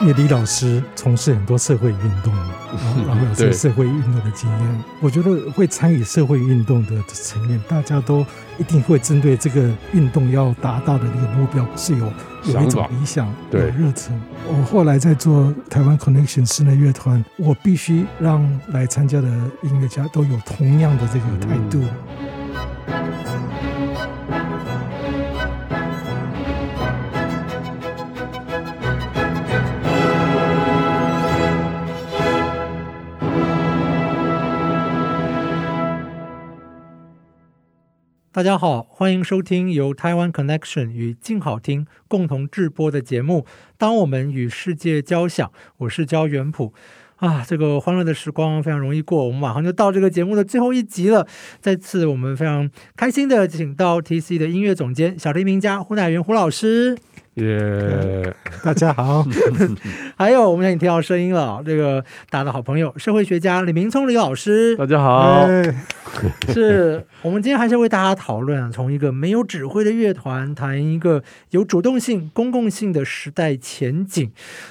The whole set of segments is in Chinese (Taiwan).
因為李老師從事很多社會運動，然後有這社會運動的經驗，我覺得會參與社會運動的層面，大家都一定會針對這個運動要達到的那個目標，是有有一種理想、有的熱忱。我後來在做台灣 Connection 室內樂團，我必須讓來參加的音樂家都有同樣的這個態度。嗯大家好，歡迎收聽由台灣 Connection 與鏡好聽共同製播的節目。當我們與世界交響，我是焦元溥。啊，這個歡樂的時光非常容易過，我們馬上就到這個節目的最後一集了。再次，我們非常開心的請到 TC 的音樂總監、小提琴家胡乃元胡老師。謝謝 Yeah, 大家好， 還有我們讓你聽到聲音了。這個大家的好朋友，社會學家李明璁李老師，大家好 hey, 是。是我們今天還是要為大家討論，從一個沒有指揮的樂團談一個有主動性、公共性的時代前景。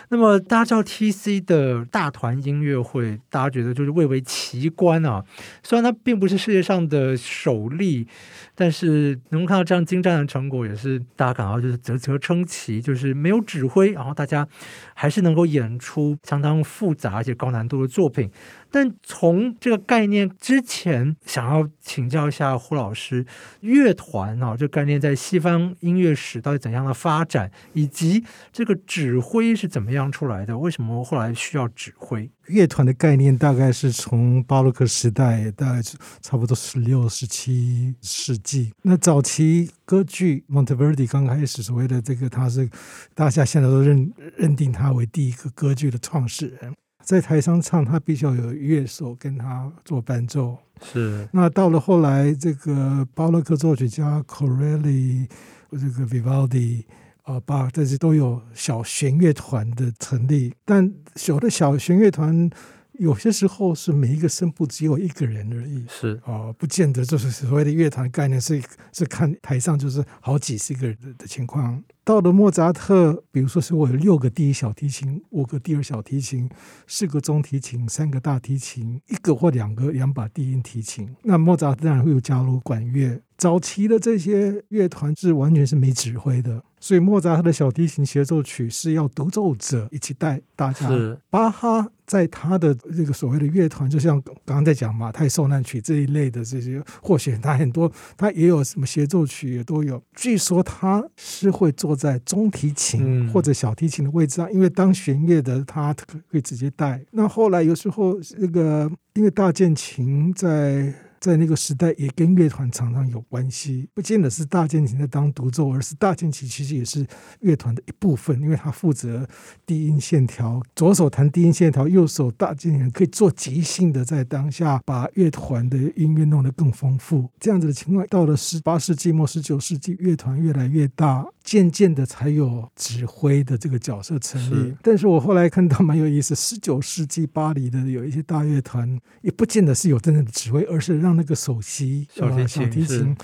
那麼大家知道 TC 的大團音樂會，大家覺得就是蔚為奇觀啊。雖然它並不是世界上的首例，但是能夠看到這樣精湛的成果，也是大家感到就是嘖嘖稱奇。其就是沒有指揮，然後大家還是能夠演出相當複雜而且高難度的作品。但從這個概念之前，想要請教一下胡老師，樂團啊、哦，這個、概念在西方音樂史到底怎樣的發展，以及這個指揮是怎麼樣出來的？為什麼後來需要指揮？樂團的概念大概是從巴洛克時代，大概是差不多是十六、十七世紀。那早期歌劇 Monteverdi 剛、剛開始所謂的這個，他是大家現在都認認定他為第一個歌劇的創始人。在台上唱，他必須要有樂手跟他做伴奏。是，那到了後來，這個巴洛克作曲家 Corelli，這個 Vivaldi 啊、呃，Bach 這些都有小弦樂團的成立，但小的小弦樂團。有些時候是每一個聲部只有一個人而已，是啊、呃，不見得就是所謂的樂團概念是，是是看台上就是好幾十個人的的情況。到了莫扎特，比如說是我有六個第一小提琴，五個第二小提琴，四個中提琴，三個大提琴，一個或兩個兩把低音提琴，那莫扎特當然會有加入管樂。早期的這些樂團是完全是沒指揮的，所以莫扎特的小提琴協奏曲是要獨奏者一起帶大家。是巴哈在他的這個所謂的樂團，就像剛剛在講馬太受難曲這一類的這些，或許他很多他也有什麼協奏曲也都有。據說他是會坐在中提琴或者小提琴的位置上，因為當弦樂的他可以直接帶。那後來有時候那個因為大鍵琴在。在那個時代，也跟樂團常常有關係，不見得是大鍵琴在當獨奏，而是大鍵琴其實也是樂團的一部分，因為它負責低音線條，左手彈低音線條，右手大鍵琴可以做即興的，在當下把樂團的音樂弄得更豐富。這樣子的情況，到了十八世紀末、十九世紀，樂團越來越大。漸漸的才有指揮的這個角色成立，是 但是我後來看到蠻有意思，十九世紀巴黎的有一些大樂團也不見得是有真正的指揮，而是讓那個首席小提琴是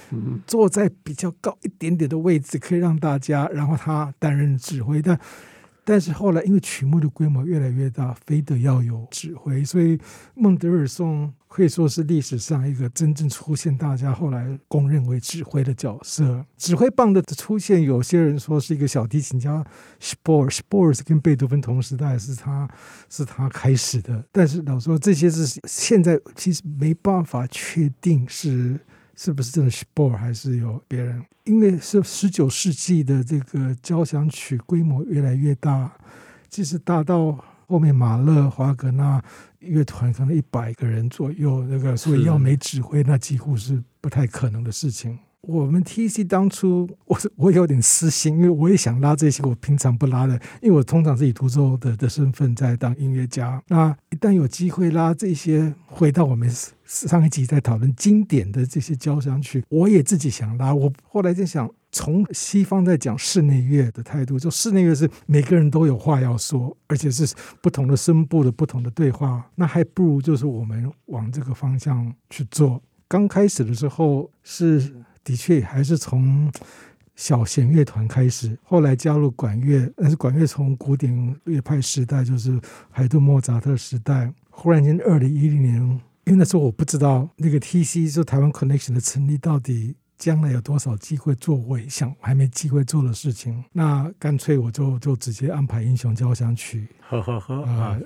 坐在比較高一點點的位置，可以讓大家，然後他擔任指揮的。但是後來，因為曲目的規模越來越大，非得要有指揮，所以孟德爾松可以說是歷史上一個真正出現大家後來公認為指揮的角色。嗯、指揮棒的出現，有些人說是一個小提琴家 Spohr、Spohr 跟貝多芬同時代，是他是他開始的。但是老實說這些是現在其實沒辦法確定是。是不是真的是 Spohr 還是有別人？因為是十九世紀的這個交響曲規模越來越大，即使大到後面馬勒、華格納樂團可能一百個人左右，那個所以要沒指揮，是那幾乎是不太可能的事情。我們 TC 當初，我我有點私心，因為我也想拉這些我平常不拉的，因為我通常是以獨奏的的身份在當音樂家。那一旦有機會拉這些，回到我們上一集在討論經典的這些交響曲，我也自己想拉。我後來就想從西方在講室內樂的態度，就室內樂是每個人都有話要說，而且是不同的聲部的不同的對話。那還不如就是我們往這個方向去做。剛開始的時候是。的確，還是從小弦樂團開始，後來加入管樂，但是管樂從古典樂派時代，就是海頓、莫扎特時代，忽然間二零一零年，因為那時候我不知道那個 TC，就是台灣 Connection 的成立到底將來有多少機會做，我想還沒機會做的事情，那乾脆我就就直接安排英雄交響曲。呵呵呵，呃、啊，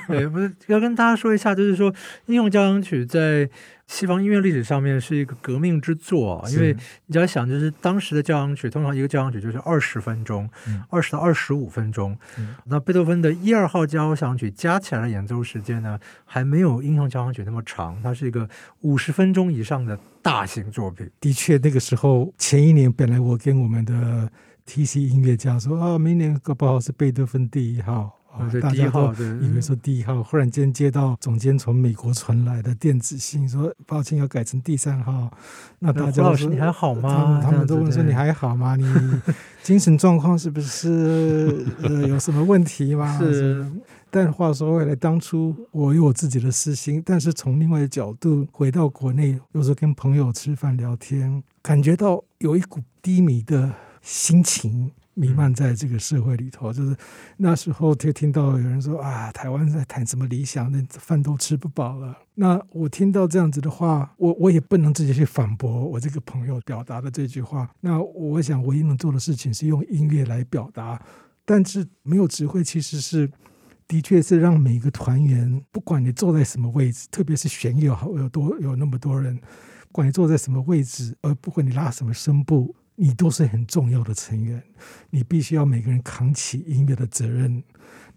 對，不是要跟大家說一下，就是說英雄交響曲在。西方音樂歷史上面是一個革命之作，因為你只要想，就是當時的交響曲通常一個交響曲就是二十分鐘，二十、嗯、到二十五分鐘。嗯、那貝多芬的一二號交響曲加起來的演奏時間呢，還沒有英雄交響曲那麼長，它是一個五十分鐘以上的大型作品。的確，那個時候前一年本來我跟我們的 TC 音樂家說啊，明年搞不好是貝多芬第一號。哦，大家好，以為是第一號，嗯、忽然間接到總監從美國傳來的電子信說說抱歉要改成第三號。那大家，胡老師，你還好嗎？他？他們都問說，你還好嗎？你精神狀況是不是 呃，有什麼問題嗎？是。是，但話說回來，當初我有我自己的私心，但是從另外的角度回到國內，有時候跟朋友吃飯聊天，感覺到有一股低迷的心情。瀰漫在這個社會裡頭，就是那時候就聽到有人說啊，台灣在談什麼理想，那飯都吃不飽了。那我聽到這樣子的話，我我也不能直接去反駁我這個朋友表達的這句話。那我想，唯一能做的事情是用音樂來表達，但是沒有指揮，其實是的確是讓每一個團員，不管你坐在什麼位置，特別是弦友有有多有那麼多人，不管你坐在什麼位置，而不管你拉什麼聲部。你都是很重要的成員，你必須要每個人扛起音樂的責任。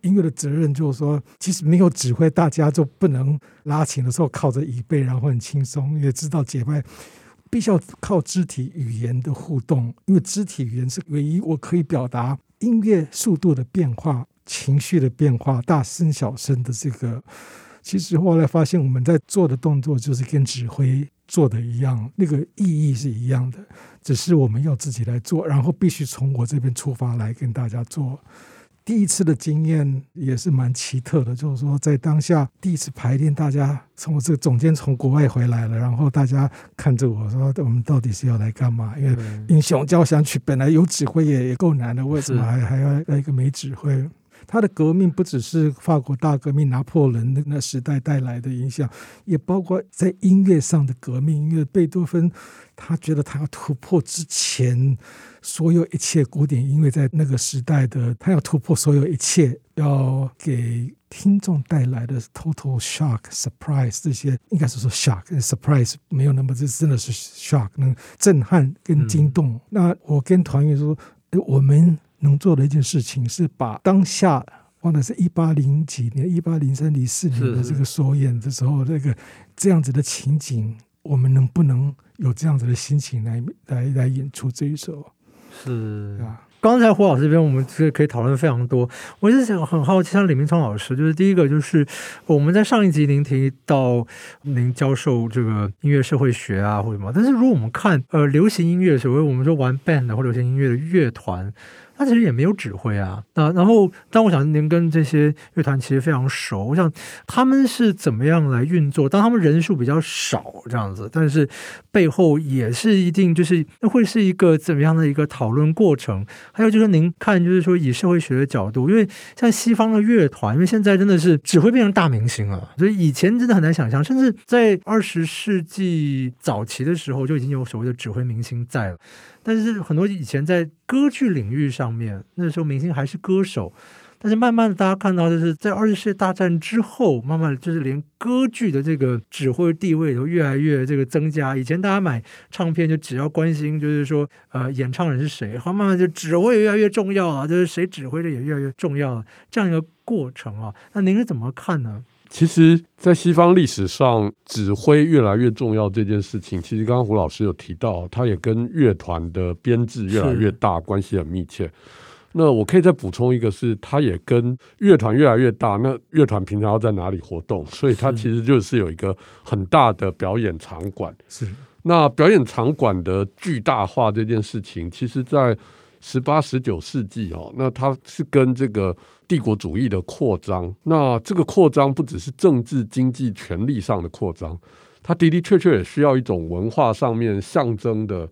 音樂的責任就是說，其實沒有指揮，大家就不能拉琴的時候靠着椅背，然後很輕鬆。也知道節拍，必須要靠肢體語言的互動，因為肢體語言是唯一我可以表達音樂速度的變化、情緒的變化、大聲小聲的這個。其實後來發現，我們在做的動作就是跟指揮。做的一樣，那個意義是一樣的，只是我們要自己來做，然後必須從我這邊出發來跟大家做。第一次的經驗也是蠻奇特的，就是說在當下第一次排練，大家從我這個總監從國外回來了，然後大家看着我說：“我們到底是要來幹嘛？”因為《英雄交響曲》本來有指揮也也夠難的，為什麼還還要來一個沒指揮？他的革命不只是法國大革命、拿破崙的那時代帶來的影響，也包括在音樂上的革命。因為貝多芬，他覺得他要突破之前所有一切古典，因為在那個時代的他要突破所有一切，要給聽眾帶來的 total shock、surprise 這些，應該是說 shock、surprise 沒有那麼，這真的是 shock，能震撼跟驚動。嗯、那我跟團員說，我們。能做的一件事情是把當下，忘了是一八零幾年，一八零三、零四年，的這個首演的時候，那個這樣子的情景，我們能不能有這樣子的心情來來來演出這一首？是啊吧。剛才胡老師這邊，我們其實可以討論非常多。我一直想很好奇，像李明璁老師，就是第一個就是我們在上一集您提到您教授這個音樂社會學啊，或者什麼。但是如果我們看呃流行音樂，所謂我們說玩 band 的或者流行音樂的樂團。他其實也沒有指揮啊，那、啊、然後，但我想您跟這些樂團其實非常熟，我想他們是怎麼樣來運作？當他們人數比較少這樣子，但是背後也是一定就是那會是一個怎麼樣的一個討論過程？還有就是您看，就是說以社會學的角度，因為像西方的樂團，因為現在真的是指揮變成大明星了，啊，所以以前真的很難想象，甚至在二十世紀早期的時候就已經有所謂的指揮明星在了。但是很多以前在歌劇領域上面，那時候明星還是歌手，但是慢慢的大家看到，就是在二次世界大戰之後，慢慢就是連歌劇的這個指揮地位都越來越這個增加。以前大家買唱片就只要關心就是說，呃，演唱人是誰，然後慢慢就指揮也越來越重要啊，就是誰指揮的也越來越重要了，這樣一個過程啊。那您是怎麼看呢？其實，在西方歷史上，指揮越來越重要這件事情，其實剛剛胡老師有提到，他也跟樂團的編制越來越大是關係很密切。那我可以再補充一個是，是他也跟樂團越來越大。那樂團平常要在哪裡活動？所以它其實就是有一個很大的表演場館。是那表演場館的巨大化這件事情，其實在十八、十九世紀哦，那它是跟這個。帝國主義的擴張，那這個擴張不只是政治經濟權力上的擴張，它的的確確也需要一種文化上面象徵的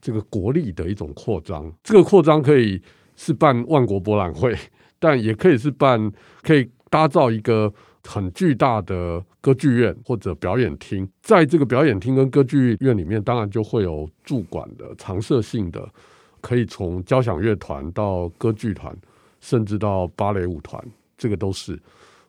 這個國力的一種擴張。這個擴張可以是辦萬國博覽會，但也可以是辦，可以搭造一個很巨大的歌劇院或者表演廳。在這個表演廳跟歌劇院裡面，當然就會有駐館的常設性的，可以從交響樂團到歌劇團。甚至到芭蕾舞團，這個都是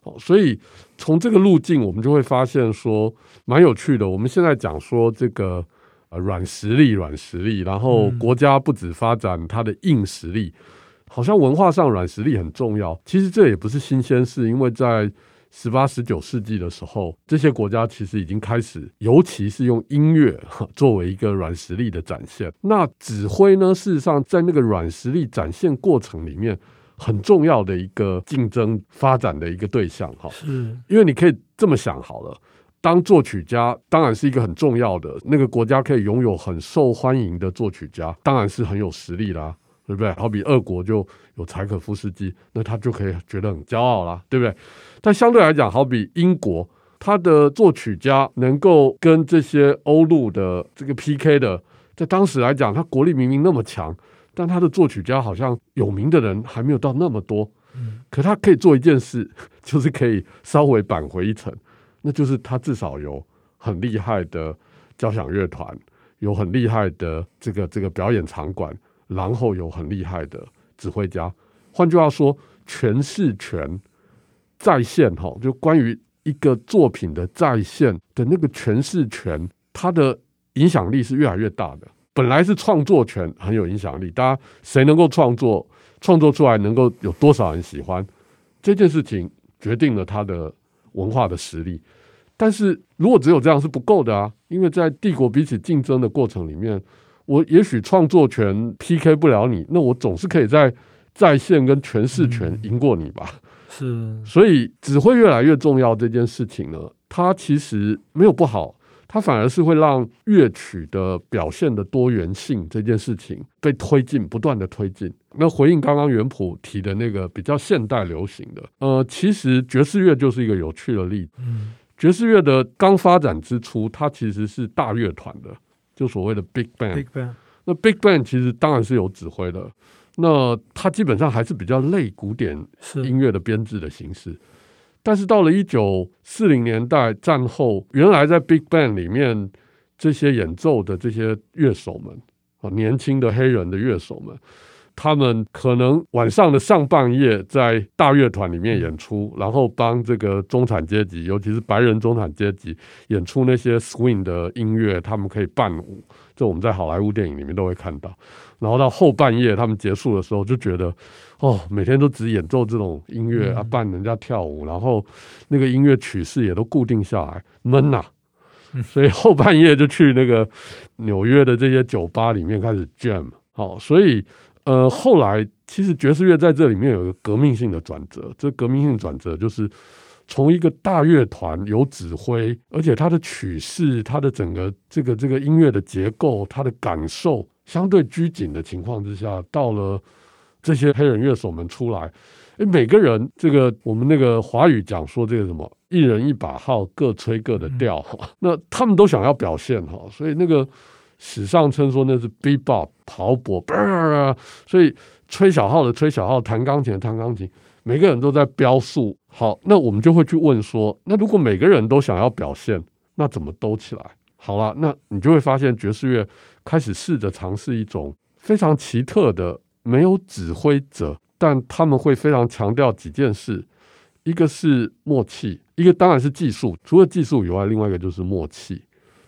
好，所以從這個路徑，我們就會發現說蠻有趣的。我們現在講說這個呃、軟實力，軟實力，然後國家不只發展它的硬實力，嗯、好像文化上軟實力很重要。其實這也不是新鮮事，因為在十八、十九世紀的時候，這些國家其實已經開始，尤其是用音樂作為一個軟實力的展現。那指揮呢？事實上，在那個軟實力展現過程裡面。很重要的一個競爭發展的一個對象，哈是，是因為你可以這麼想好了，當作曲家當然是一個很重要的，那個國家可以擁有很受歡迎的作曲家，當然是很有實力啦，對不對？好比俄國就有柴可夫斯基，那他就可以覺得很驕傲啦，對不對？但相對來講，好比英國，他的作曲家能夠跟這些歐陸的這個 PK 的，在當時來講，他國力明明那麼強。但他的作曲家好像有名的人還沒有到那麼多，可他可以做一件事，就是可以稍微扳回一城，那就是他至少有很厲害的交響樂團，有很厲害的這個這個表演場館，然後有很厲害的指揮家。換句話說，詮釋權再現哈，就關於一個作品的再現的那個詮釋權，它的影響力是越來越大的。本來是創作權很有影響力，大家誰能夠創作，創作出來能夠有多少人喜歡，這件事情決定了他的文化的實力。但是如果只有這樣是不夠的啊，因為在帝國彼此競爭的過程裡面，我也許創作權 PK 不了你，那我總是可以在在線跟詮釋權贏過你吧。嗯、是，所以只會越來越重要這件事情呢，它其實沒有不好。它反而是會讓樂曲的表現的多元性這件事情被推進，不斷的推進。那回應剛剛元普提的那個比較現代流行的，呃，其實爵士樂就是一個有趣的例子。嗯。爵士樂的剛發展之初，它其實是大樂團的，就所謂的 Big Band。Big Band 那 Big Band 其實當然是有指揮的，那它基本上還是比較類古典音樂的編制的形式。但是到了一九四零年代戰後，原來在 Big Band 裡面這些演奏的這些樂手們啊，年輕的黑人的樂手們，他們可能晚上的上半夜在大樂團裡面演出，然後幫這個中產階級，尤其是白人中產階級演出那些 Swing 的音樂，他們可以伴舞，這我們在好萊塢電影裡面都會看到。然後到後半夜他們結束的時候就覺得，哦，每天都只演奏這種音樂啊，伴人家跳舞，然後那個音樂曲式也都固定下來，悶吶、啊。所以後半夜就去那個紐約的這些酒吧裡面開始 jam、哦。好，所以呃，後來其實爵士樂在這裡面有一個革命性的轉折，這革命性的轉折就是從一個大樂團有指揮，而且它的曲式、它的整個這個這個音樂的結構、它的感受。相對拘謹的情況之下，到了這些黑人樂手們出來，誒，每個人這個我們那個華語講說這個什麼，一人一把號，各吹各的調，嗯、那他們都想要表現哈，所以那個史上稱說那是 Bebop 跑波、呃，所以吹小號的吹小號，彈鋼琴的彈鋼琴，每個人都在飆速。好，那我們就會去問說，那如果每個人都想要表現，那怎麼兜起來？好了，那你就會發現爵士樂。開始試着嘗試一種非常奇特的，沒有指揮者，但他們會非常強調幾件事，一個是默契，一個當然是技術。除了技術以外，另外一個就是默契。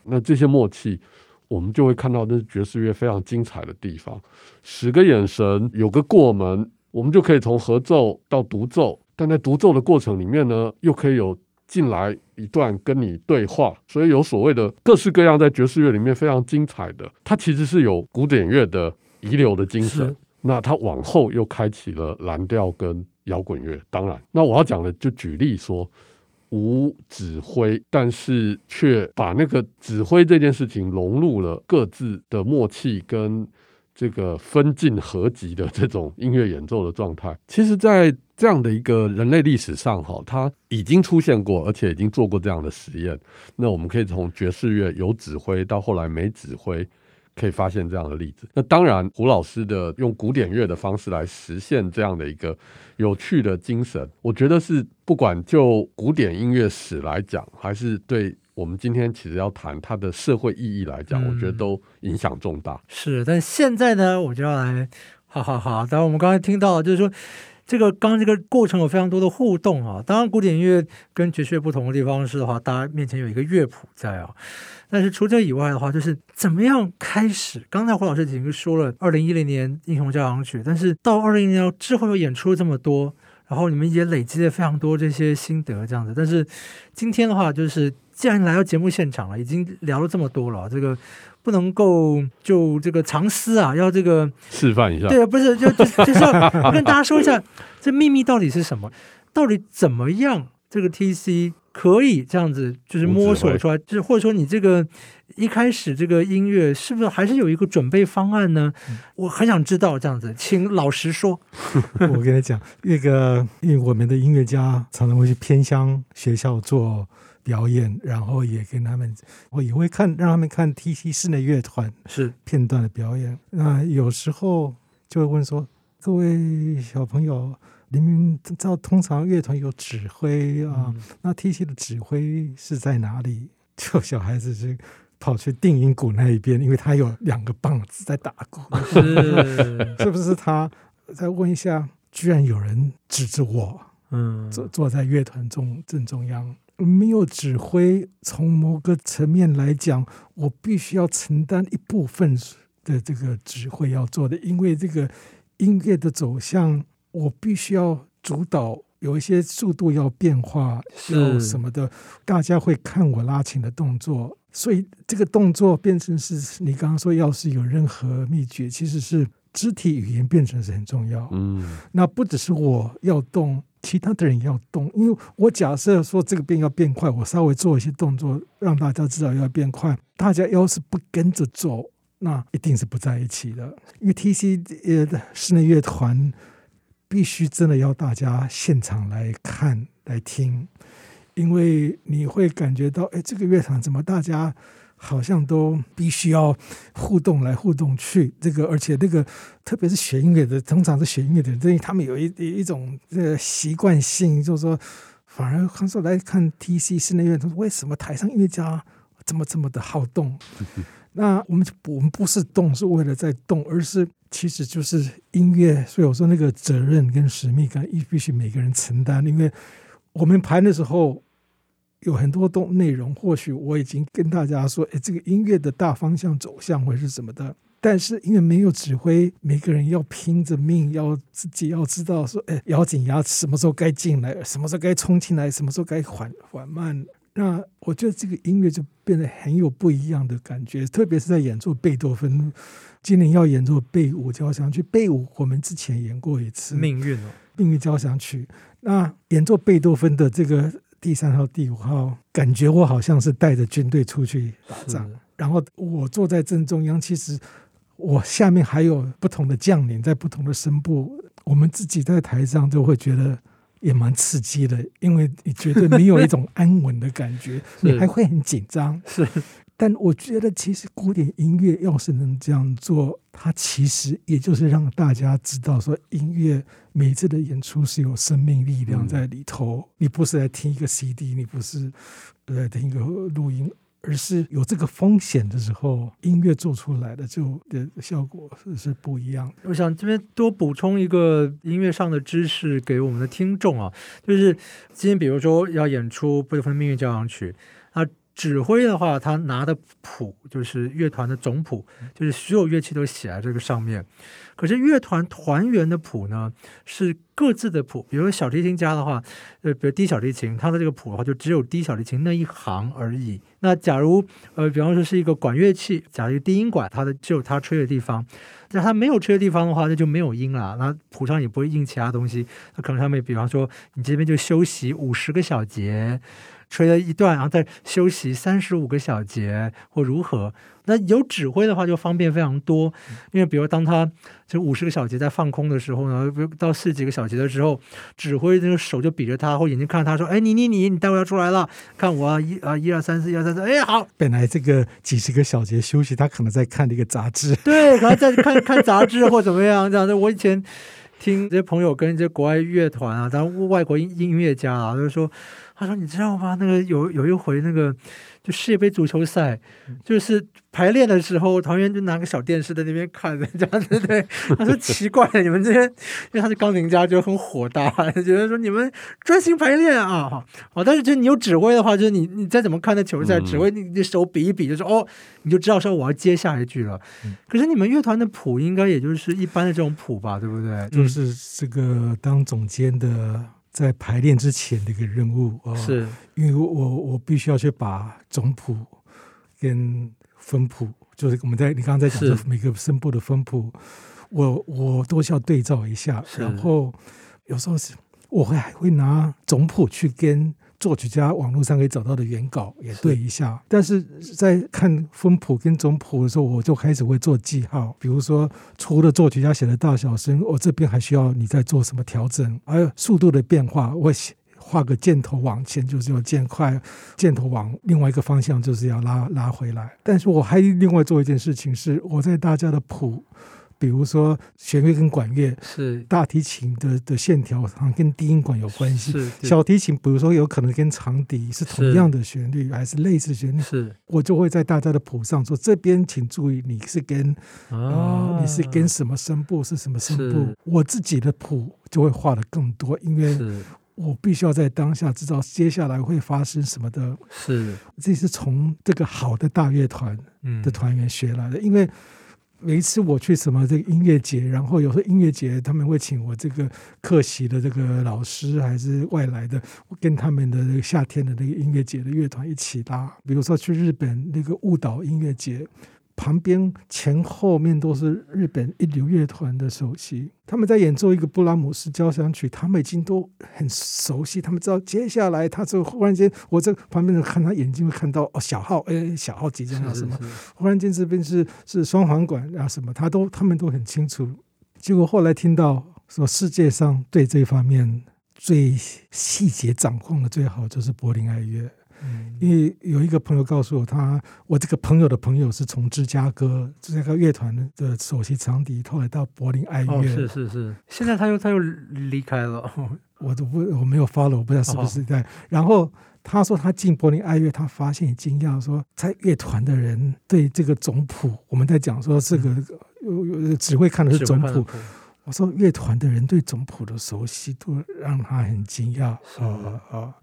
那這些默契，我們就會看到那是爵士樂非常精彩的地方。使個眼神，有個過門，我們就可以從合奏到獨奏，但在獨奏的過程裡面呢，又可以有。進來一段跟你對話，所以有所謂的各式各樣，在爵士樂裡面非常精彩的，它其實是有古典樂的遺留的精神。是那它往後又開啟了藍調跟搖滾樂。當然，那我要講的就舉例說，無指揮，但是卻把那個指揮這件事情融入了各自的默契跟。這個分進合擊的這種音樂演奏的狀態，其實，在這樣的一個人類歷史上，哈，它已經出現過，而且已經做過這樣的實驗。那我們可以從爵士樂有指揮到後來沒指揮，可以發現這樣的例子。那當然，胡老師的用古典樂的方式來實現這樣的一個有趣的精神，我覺得是不管就古典音樂史來講，還是對。我們今天其實要談它的社會意義來講，我覺得都影響重大。嗯、是，但現在呢，我就要來，好好好。當然，我們剛才聽到就是說，這個剛這個過程有非常多的互動啊。當然，古典音樂跟爵士樂不同的地方是的話，大家面前有一個樂譜在啊。但是除這以外的話，就是怎麼樣開始？剛才胡老師已經說了，二零一零年《英雄交響曲》，但是到二零一零年之後又演出了這麼多，然後你們也累積了非常多這些心得，這樣子。但是今天的話，就是。既然來到節目現場了，已經聊了這麼多了，這個不能夠就這個藏私啊，要這個示範一下。對、啊，不是，就就就是要跟大家說一下， 這祕密到底是什麼？到底怎麼樣？這個 TC 可以這樣子，就是摸索出來，就是或者說你這個一開始這個音樂是不是還是有一個準備方案呢？嗯、我很想知道這樣子，請老實說。 我跟你講，那個因為我們的音樂家常常會去偏鄉學校做。表演，然後也跟他們，我也會看，讓他們看 T C 室內樂團是片段的表演。是那有時候就會問說：“各位小朋友，你們知道通常樂團有指揮啊？嗯、那 T C 的指揮是在哪裡？”就小孩子是跑去定音鼓那一邊，因為他有兩個棒子在打鼓。是， 是不是他？他再問一下，居然有人指着我，嗯，坐坐在樂團中正中央。沒有指揮，從某個層面來講，我必須要承擔一部分的這個指揮要做的，因為這個音樂的走向，我必須要主導，有一些速度要變化，有是什麼的，大家會看我拉琴的動作，所以這個動作變成是你剛剛說，要是有任何秘訣，其實是肢體語言變成是很重要。嗯，那不只是我要動。其他的人要動，因為我假設說這個病要變快，我稍微做一些動作，讓大家知道要變快。大家要是不跟着做，那一定是不在一起的。因為 TC 呃室內樂團必須真的要大家現場來看來聽，因為你會感覺到，哎，這個樂團怎麼大家？好像都必須要互動來互動去，這個而且這個特別是學音樂的，通常是學音樂的人，所以他們有一有一種呃習慣性，就是說反而他說來看 T C 室內樂，他說為什麼台上音樂家這麼這麼的好動？ 那我們我們不是動是為了在動，而是其實就是音樂。所以我說那個責任跟使命感，也必須每個人承擔，因為我們排的時候。有很多東內容，或許我已經跟大家說，哎，這個音樂的大方向走向，會是什麼的。但是因為沒有指揮，每個人要拼着命，要自己要知道說，哎，咬緊牙齒，什麼時候該進來，什麼時候該衝進來，什麼時候該緩緩慢。那我覺得這個音樂就變得很有不一樣的感覺，特別是在演奏貝多芬。今年要演奏貝五交響曲，貝五我們之前演過一次《命運》哦，《命運交響曲》。那演奏貝多芬的這個。第三號、第五號，感覺我好像是帶着軍隊出去打仗。是然後我坐在正中央，其實我下面還有不同的將領在不同的聲部。我們自己在台上就會覺得也蠻刺激的，因為你絕對沒有一種安穩的感覺， 是你還會很緊張。是。是但我覺得，其實古典音樂要是能這樣做，它其實也就是讓大家知道，說音樂每次的演出是有生命力量在裡頭。你不是來聽一個 CD，你不是來聽一個錄音，而是有這個風險的時候，音樂做出來的就的效果是不一樣的。我想這邊多補充一個音樂上的知識給我們的聽眾啊，就是今天比如說要演出貝多芬《命運交響曲》，啊。指揮的話，他拿的譜就是樂團的總譜，就是所有樂器都寫在這個上面。可是樂團團員的譜呢，是各自的譜。比如小提琴家的話，呃，比如低小提琴，他的這個譜的話，就只有低小提琴那一行而已。那假如呃，比方說是一個管樂器，假如低音管，它的只有他吹的地方，那他沒有吹的地方的話，那就沒有音了。那譜上也不會印其他東西。他可能上面，比方說，你這邊就休息五十個小節。吹了一段，然後再休息三十五個小節，或如何？那有指揮的話就方便非常多，因為比如當他就五十個小節在放空的時候呢，到四十幾個小節的時候，指揮這個手就比着他或眼睛看着他說：“哎，你你你你，待會要出來了，看我啊一啊一二三四一二三四，1, 2, 3, 4, 1, 2, 3, 4, 哎好。”本來這個幾十個小節休息，他可能在看那個雜誌，對，可能在看看雜誌或怎麼樣 這樣。我以前聽這些朋友跟一些國外樂團啊，當外國音音樂家啊，就是說。他說：“你知道嗎？那個有有一回，那個就世界杯足球賽，就是排練的時候，團員就拿個小電視在那邊看，人 家對不對？他說奇怪， 你們這些因為他是鋼琴家，就很火大，覺得說你們專心排練啊！好、哦、但是就你有指揮的話，就是你你再怎麼看那球賽，嗯、指揮你你手比一比，就說哦，你就知道說我要接下一句了。嗯、可是你們樂團的譜應該也就是一般的這種譜吧，對不對？就是這個當總監的。嗯”在排練之前的一個任務哦，呃、是，因為我我必須要去把總譜跟分譜，就是我們在你剛剛在講的每個聲部的分譜，是我我都需要對照一下，是然後有時候是，我會還會拿總譜去跟。作曲家網絡上可以找到的原稿也對一下，是 但是在看分譜跟總譜的時候，我就開始會做記號，比如說除了作曲家寫的大小聲，我這邊還需要你再做什麼調整，還有速度的變化，我畫個箭頭往前就是要漸快，箭頭往另外一個方向就是要拉拉回來。但是我還另外做一件事情是，我在大家的譜。比如說，弦樂跟管樂是大提琴的的線條好像跟低音管有關係。小提琴，比如說有可能跟長笛是同樣的旋律，是還是類似的旋律？是，我就會在大家的譜上說，這邊請注意，你是跟啊、呃，你是跟什麼聲部是什麼聲部？是我自己的譜就會畫得更多，因為，我必須要在當下知道接下來會發生什麼的。是，這是從這個好的大樂團的團員學來的，嗯、因為。每一次我去什麼這個音樂節，然後有時候音樂節他們會請我這個客席的這個老師，還是外來的，跟他們的那個夏天的那個音樂節的樂團一起拉。比如說去日本那個霧島音樂節。旁邊前後面都是日本一流樂團的首席，他們在演奏一個布拉姆斯交響曲，他們已經都很熟悉，他們知道接下來，他就忽然間，我在旁邊的看他眼睛會看到哦、欸，小號，哎，小號即將要什麼？忽然間這邊是是雙簧管啊什麼然後什麼，他都他們都很清楚。結果後來聽到說，世界上對這方面最細節掌控的最好就是柏林愛樂。嗯、因為有一個朋友告訴我，他我這個朋友的朋友是從芝加哥芝加哥樂團的首席長笛，後來到柏林愛樂、哦。是是是。現在他又他又離開了，哦、我都不我沒有 follow，我不知道是不是在？哦哦然後他說他進柏林愛樂，他發現驚訝說，說在樂團的人對這個總譜，我們在講說這個、嗯、只會看的是總譜。我說樂團的人對總譜的熟悉，都讓他很驚訝。是的哦，哦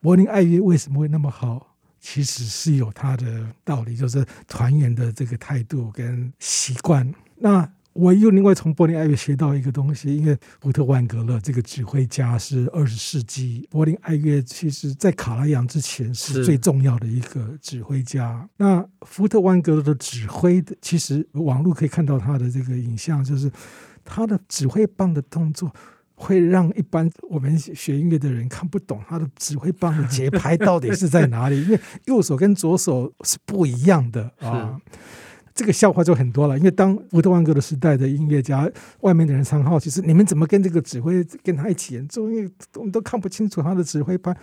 柏林愛樂為什麼會那麼好？其實是有它的道理，就是團員的這個態度跟習慣。那我又另外從柏林愛樂學到一個東西，因為福特萬格勒這個指揮家是二十世紀柏林愛樂，其實在卡拉揚之前是最重要的一個指揮家。是那福特萬格勒的指揮，其實網絡可以看到他的這個影像，就是他的指揮棒的動作。會讓一般我們學音樂的人看不懂他的指揮棒的節拍到底是在哪裡，因為右手跟左手是不一樣的啊。 這個笑話就很多了，因為當維多萬格的時代的音樂家，外面的人常好奇是你們怎麼跟這個指揮跟他一起演奏？因為我們都看不清楚他的指揮棒。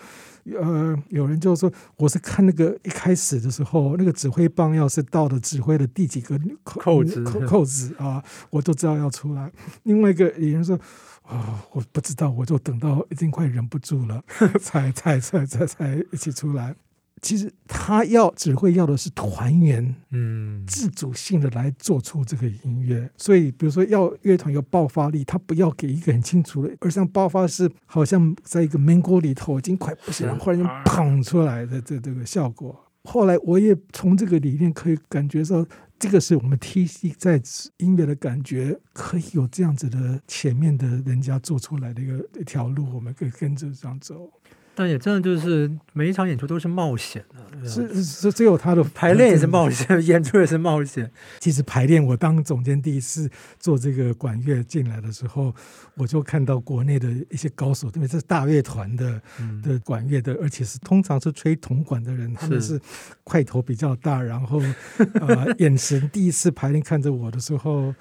呃，有人就說，我是看那個一開始的時候，那個指揮棒要是到了指揮的第幾個扣子，扣子啊，我都知道要出來。另外一個有人說。哦，我不知道，我就等到已經快忍不住了，才才才才才一起出來。其實他要只會要的是團員，嗯，自主性的來做出這個音樂。嗯、所以，比如說要樂團有爆發力，他不要給一個很清楚的，而像爆發是好像在一個悶鍋裡頭已經快不行了，然後忽然就砰出來的這這個效果。後來我也從這個裡面可以感覺說。這個是我們 TC 在音樂的感覺，可以有這樣子的前面的人家做出來的一個一條路，我們可以跟着這樣走。但也真的就是每一場演出都是冒險的。啊，是是，只有他的排練也是冒險，演出也是冒險。其實排練，我當總監第一次做這個管樂進來的時候，我就看到國內的一些高手，特別這是大樂團的的管樂的，而且是通常是吹銅管的人，他們是塊頭比較大，然後、呃、眼神第一次排練看着我的時候。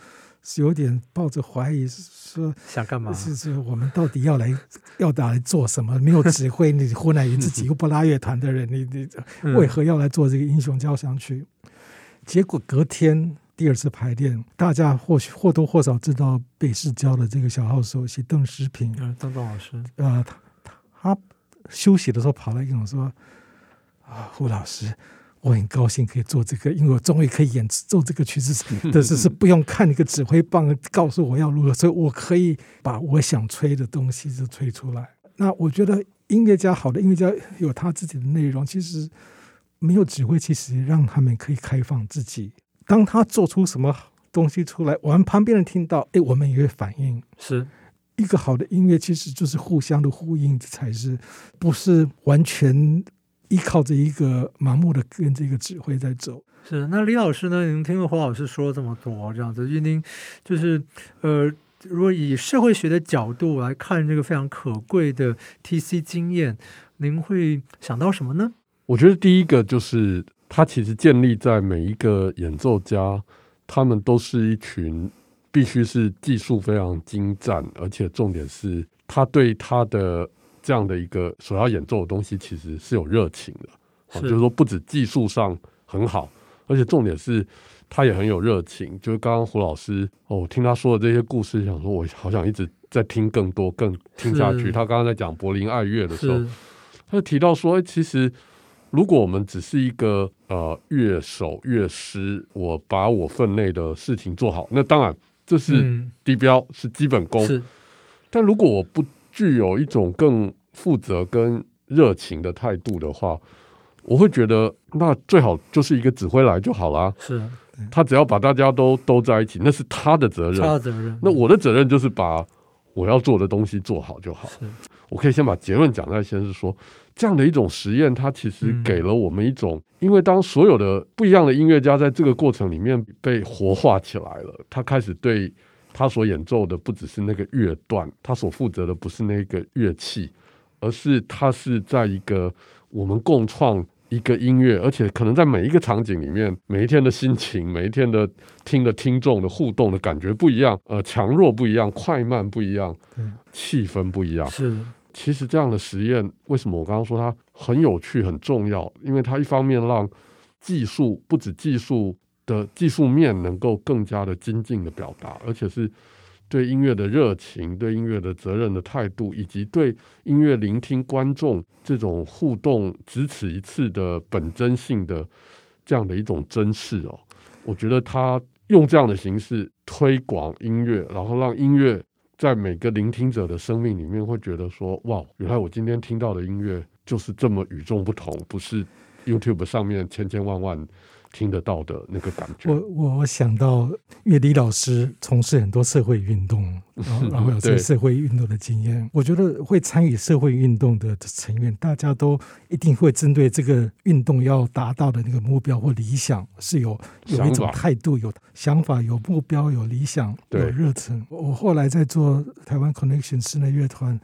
是有點抱着懷疑，說想幹嘛？是是，我們到底要來 要打來做什麼？沒有指揮，你胡乃元自己又不拉樂團的人， 你你，你為何要來做這個英雄交響曲？嗯、結果隔天第二次排練，大家或許或多或少知道北市交的這個小號手是鄧詩平，嗯，鄧老師啊、呃，他他休息的時候跑來跟我說啊，胡老師。我很高興可以做這個，因為我終於可以演奏這個曲子，但是，是不用看那個指揮棒告訴我要如何， 所以我可以把我想吹的東西就吹出來。那我覺得音樂家好的音樂家有他自己的內容，其實沒有指揮，其實讓他們可以開放自己。當他做出什麼東西出來，我們旁邊人聽到，誒，我們也會反應。是一個好的音樂，其實就是互相的呼應，才是不是完全依靠着一個盲目的跟這個指揮在走，是。那李老師呢？您聽了胡老師說這麼多，這樣子，因為您就是呃，如果以社會學的角度來看這個非常可貴的 TC 經驗，您會想到什麼呢？我覺得第一個就是，他其實建立在每一個演奏家，他們都是一群必須是技術非常精湛，而且重點是他對他的。這樣的一個所要演奏的東西，其實是有熱情的，是，就是說不止技術上很好，而且重點是他也很有熱情。就是剛剛胡老師哦，我聽他說的這些故事，想說我好想一直在聽更多，更聽下去。是他剛剛在講柏林愛樂的時候，是他就提到說、欸，其實如果我們只是一個呃樂手、樂師，我把我分內的事情做好，那當然這是地標、嗯、是基本功。是但如果我不具有一種更負責、跟熱情的態度的話，我會覺得那最好就是一個指揮來就好了。是，嗯、他只要把大家都都在一起，那是他的責任。他的責任。那我的責任就是把我要做的東西做好就好。是。我可以先把結論講在先是說，這樣的一種實驗，它其實給了我們一種，嗯、因為當所有的不一樣的音樂家在這個過程裡面被活化起來了，他開始對。他所演奏的不只是那個樂段，他所負責的不是那個樂器，而是他是在一個我們共創一個音樂，而且可能在每一個場景裡面，每一天的心情，每一天的聽的，聽的，聽眾的互動的感覺不一樣，呃，強弱不一樣，快慢不一樣，嗯，氣氛不一樣。是，其實這樣的實驗，為什麼我剛剛說它很有趣、很重要？因為它一方面讓技術，不止技術。技術面能夠更加的精進的表達，而且是對音樂的熱情、對音樂的責任的態度，以及對音樂聆聽觀眾這種互動只此一次的本真性的這樣的一種珍視哦。我覺得他用這樣的形式推廣音樂，然後讓音樂在每個聆聽者的生命裡面，會覺得說：哇，原來我今天聽到的音樂就是這麼與眾不同，不是 YouTube 上面千千萬萬。聽得到的那個感覺我，我我我想到，因為李老師從事很多社會運動，是然後然後有這社會運動的經驗， 對我覺得會參與社會運動的成員，大家都一定會針對這個運動要達到的那個目標或理想，是有有一種態度，想法有想法，有目標，有理想，有熱忱。對我後來在做台灣 Connection 室內樂團，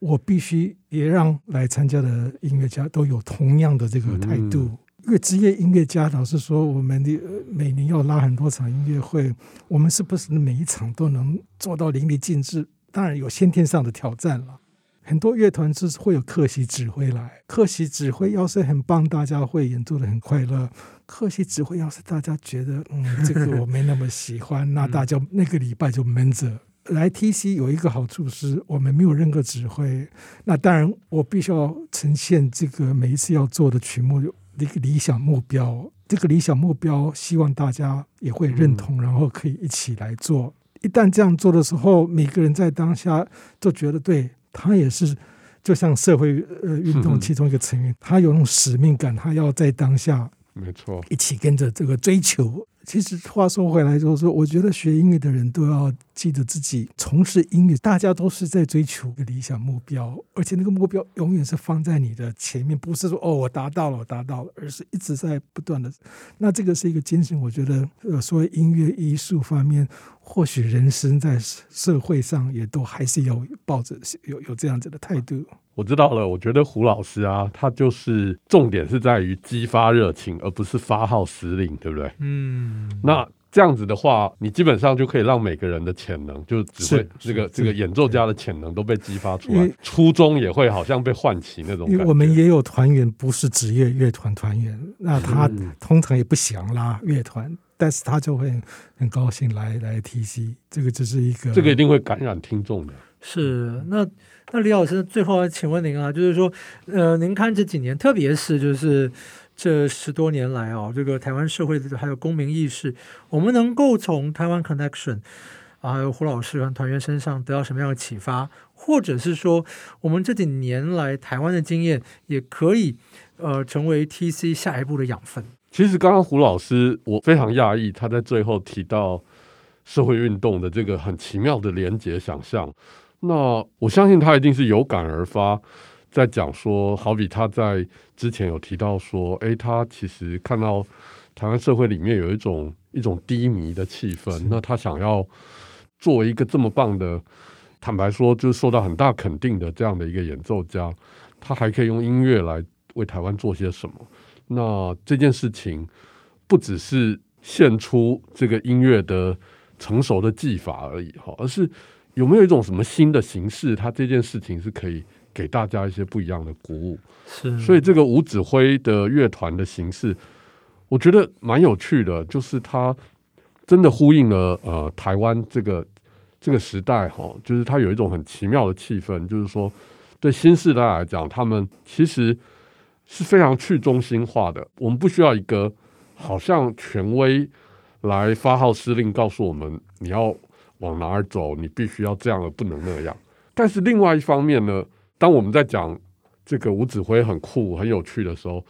我必須也讓來參加的音樂家都有同樣的這個態度。嗯因為職業音樂家，老實說，我們的每年要拉很多場音樂會，我們是不是每一場都能做到淋漓盡致？當然有先天上的挑戰了。很多樂團就是會有客席指揮來，客席指揮要是很棒，大家會演奏的很快樂；客席指揮要是大家覺得嗯，這個我沒那麼喜歡， 那大家那個禮拜就悶着。嗯、來 T.C 有一個好處是，我們沒有任何指揮，那當然我必須要呈現這個每一次要做的曲目。一個理想目標，這個理想目標，希望大家也會認同，嗯、然後可以一起來做。一旦這樣做的時候，每個人在當下都覺得對，他也是就像社會呃運動其中一個成員，呵呵他有那種使命感，他要在當下，沒錯，一起跟着這個追求。其實話說回來說，就是說我覺得學音樂的人都要記得自己從事音樂，大家都是在追求一個理想目標，而且那個目標永遠是放在你的前面，不是說哦我達到了，我達到了，而是一直在不斷的。那這個是一個精神，我覺得呃，所謂音樂藝術方面，或許人生在社會上也都還是有抱着有有這樣子的態度。我知道了，我覺得胡老師啊，他就是重點是在於激發熱情，而不是發號施令，對不對？嗯。那這樣子的話，你基本上就可以讓每個人的潛能，就只會這個是是這個演奏家的潛能都被激發出來，對初衷也會好像被喚起那種。因為我們也有團員不是職業樂團團員，那他通常也不想拉樂團，是但是他就會很高興來來 T C。這個只是一個，這個一定會感染聽眾的。是那。那李老師，最後請問您啊，就是說，呃，您看這幾年，特別是就是這十多年來啊，哦，這個台灣社會的還有公民意識，我們能夠從台灣 connection 啊，還有胡老師和團員身上得到什麼樣的啟發，或者是說，我們這幾年來台灣的經驗，也可以呃成為 TC 下一步的養分？其實剛剛胡老師，我非常訝異，他在最後提到社會運動的這個很奇妙的連結想象。那我相信他一定是有感而發，在講說，好比他在之前有提到說，誒、欸，他其實看到台灣社會裡面有一種一種低迷的氣氛，是那他想要作為一個這麼棒的，坦白說，就是受到很大肯定的這樣的一個演奏家，他還可以用音樂來為台灣做些什麼？那這件事情不只是獻出這個音樂的成熟的技法而已哈，而是。有沒有一種什麼新的形式？它這件事情是可以給大家一些不一樣的鼓舞。是的。所以這個無指揮的樂團的形式，我覺得蠻有趣的。就是它真的呼應了呃台灣這個這個時代哈，就是它有一種很奇妙的氣氛。就是說，對新世代來講，他們其實是非常去中心化的。我們不需要一個好像權威來發號施令，告訴我們你要。往哪兒走？你必須要這樣，不能那樣。但是另外一方面呢，當我們在講這個吳指揮很酷、很有趣的時候，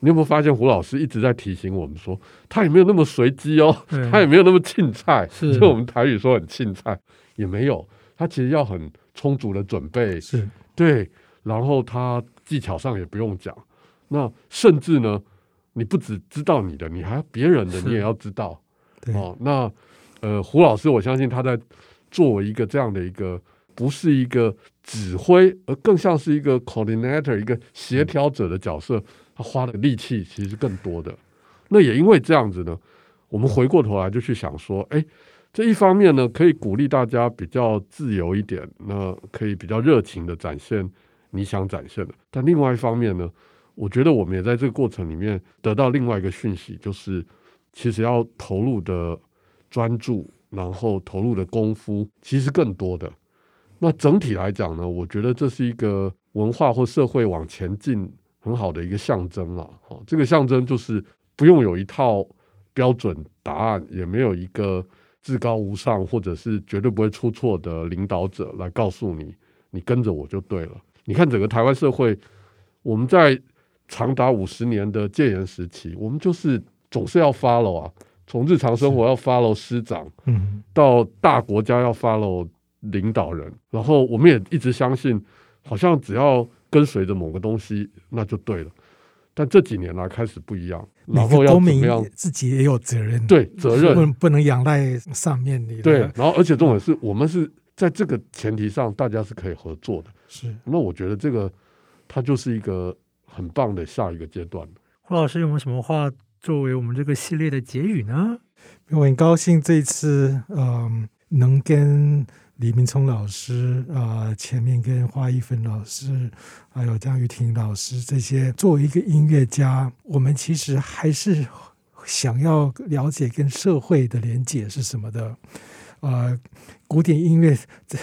你有沒有發現胡老師一直在提醒我們說，他也沒有那麼隨機哦，嗯、他也沒有那麼凊彩，是就我們台語說很凊彩也沒有。他其實要很充足的準備，是對，然後他技巧上也不用講。那甚至呢，你不只知道你的，你還要別人的，你也要知道。對哦，那。呃，胡老師，我相信他在作為一個這樣的一個，不是一個指揮，而更像是一個 coordinator，一個協調者的角色，他花的力氣其實是更多的。那也因為這樣子呢，我們回過頭來就去想說，欸，這一方面呢，可以鼓勵大家比較自由一點，那可以比較熱情的展現你想展現的。但另外一方面呢，我覺得我們也在這個過程裡面得到另外一個訊息，就是其實要投入的。專注，然後投入的功夫其實更多的。那整體來講呢，我覺得這是一個文化或社會往前進很好的一個象徵了、啊。這個象徵就是不用有一套標準答案，也沒有一個至高無上或者是絕對不會出錯的領導者來告訴你，你跟着我就對了。你看整個台灣社會，我們在長達五十年的戒嚴時期，我們就是總是要 follow 啊。從日常生活要 follow 師長，嗯、到大國家要 follow 領導人，嗯、然後我們也一直相信，好像只要跟隨着某個東西，那就對了。但這幾年來、啊、開始不一樣，然後要樣每個公民自己也有責任，對，責任不能不能仰賴上面的。對，然後而且重點是、哦、我們是在這個前提上，大家是可以合作的。是，那我覺得這個它就是一個很棒的下一個階段。胡老師有沒有什麼話？作為我們這個系列的結語呢，我很高興這次嗯、呃、能跟李明璁老師啊、呃，前面跟花一芬老師，還有張玉婷老師這些，作為一個音樂家，我們其實還是想要了解跟社會的連接是什麼的。呃，古典音樂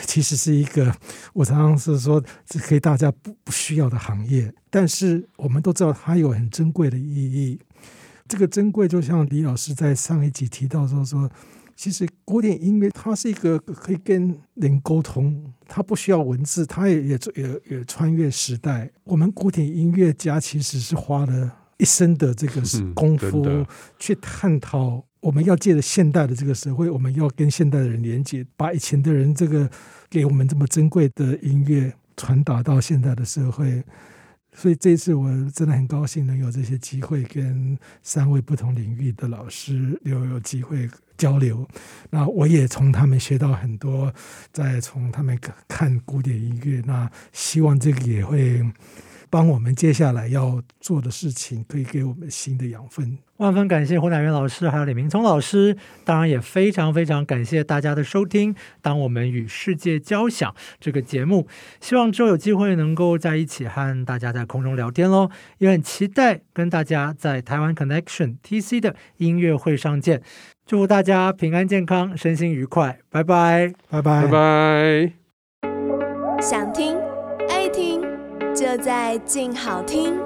其實是一個我常常是說是可以大家不不需要的行業，但是我們都知道它有很珍貴的意義。這個珍貴，就像李老師在上一集提到說說，其實古典音樂它是一個可以跟人溝通，它不需要文字，它也也也也穿越時代。我們古典音樂家其實是花了一生的這個功夫去探討，我們要借着現代的這個社會，嗯、我們要跟現代的人連接，把以前的人這個給我們這麼珍貴的音樂傳達到現在的社會。所以這次我真的很高興能有這些機會跟三位不同領域的老師又有機會交流，那我也從他們學到很多，再從他們看古典音樂，那希望這個也會。幫我們接下來要做的事情，可以給我們新的養分。萬分感謝胡乃元老師，還有李明聰老師，當然也非常非常感謝大家的收聽。當我們與世界交響這個節目，希望之後有機會能夠在一起和大家在空中聊天嘍，也很期待跟大家在台灣 Connection TC 的音樂會上見。祝大家平安健康，身心愉快，bye bye bye bye 拜拜，拜拜，拜拜。想聽就在鏡好聽。